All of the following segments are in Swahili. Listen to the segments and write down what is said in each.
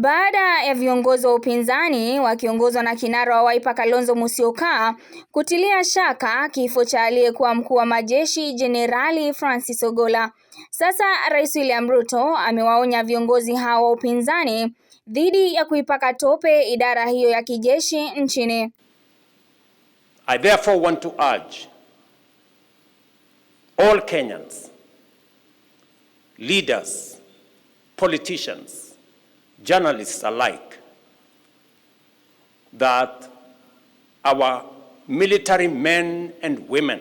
baada ya viongozi wa upinzani wakiongozwa na kinara wa Wiper Kalonzo Musyoka kutilia shaka kifo cha aliyekuwa mkuu wa majeshi Jenerali Francis Ogola. Sasa Rais William Ruto amewaonya viongozi hao wa upinzani dhidi ya kuipaka tope idara hiyo ya kijeshi nchini. I therefore want to urge all Kenyans, leaders, politicians journalists alike that our military men and women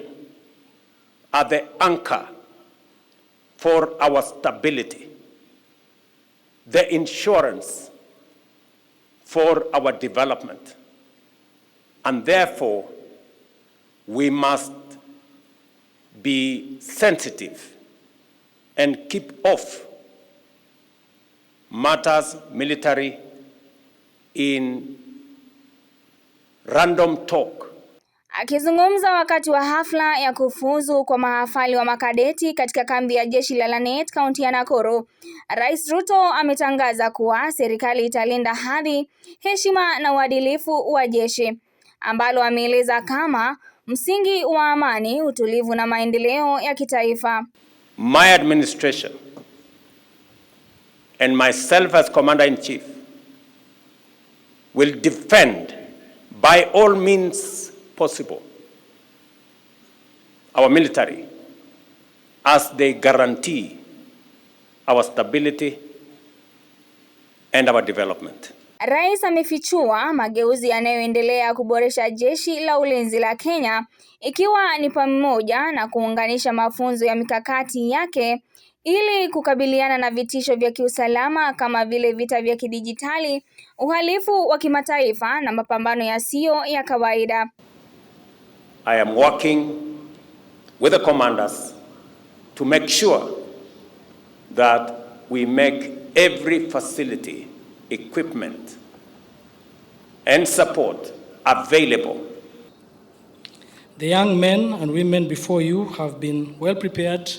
are the anchor for our stability, the insurance for our development. And therefore, we must be sensitive and keep off matters military in random talk. Akizungumza wakati wa hafla ya kufuzu kwa mahafali wa makadeti katika kambi ya jeshi la Lanet kaunti ya Nakuru, Rais Ruto ametangaza kuwa serikali italinda hadhi, heshima na uadilifu wa jeshi ambalo ameeleza kama msingi wa amani, utulivu na maendeleo ya kitaifa. My administration and myself as commander in chief will defend by all means possible our military as they guarantee our stability and our development. Rais amefichua mageuzi yanayoendelea kuboresha jeshi la ulinzi la Kenya ikiwa ni pamoja na kuunganisha mafunzo ya mikakati yake ili kukabiliana na vitisho vya kiusalama kama vile vita vya kidijitali, uhalifu wa kimataifa na mapambano yasiyo ya kawaida. I am working with the commanders to make sure that we make every facility, equipment and support available. The young men and women before you have been well prepared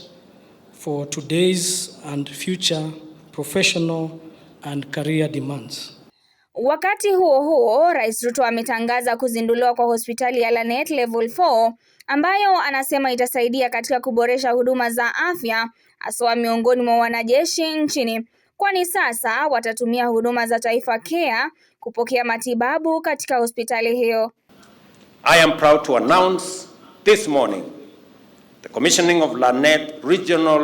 for today's and future professional and career demands. Wakati huo huo, Rais Ruto ametangaza kuzinduliwa kwa hospitali ya Lanet Level 4 ambayo anasema itasaidia katika kuboresha huduma za afya haswa miongoni mwa wanajeshi nchini, kwani sasa watatumia huduma za Taifa Care kupokea matibabu katika hospitali hiyo. I am proud to announce this morning the commissioning of Lanet Regional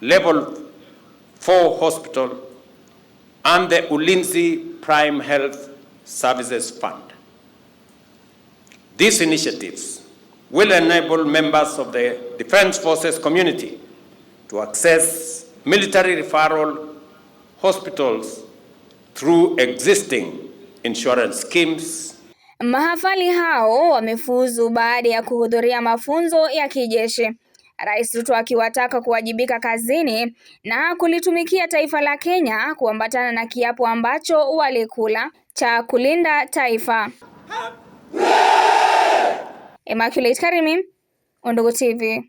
Level 4 Hospital and the Ulinzi Prime Health Services Fund. These initiatives will enable members of the Defense Forces community to access military referral hospitals through existing insurance schemes Mahafali hao wamefuzu baada ya kuhudhuria mafunzo ya kijeshi. Rais Ruto akiwataka kuwajibika kazini na kulitumikia taifa la Kenya kuambatana na kiapo ambacho walikula cha kulinda taifa. Immaculate Karimi, Undugu TV.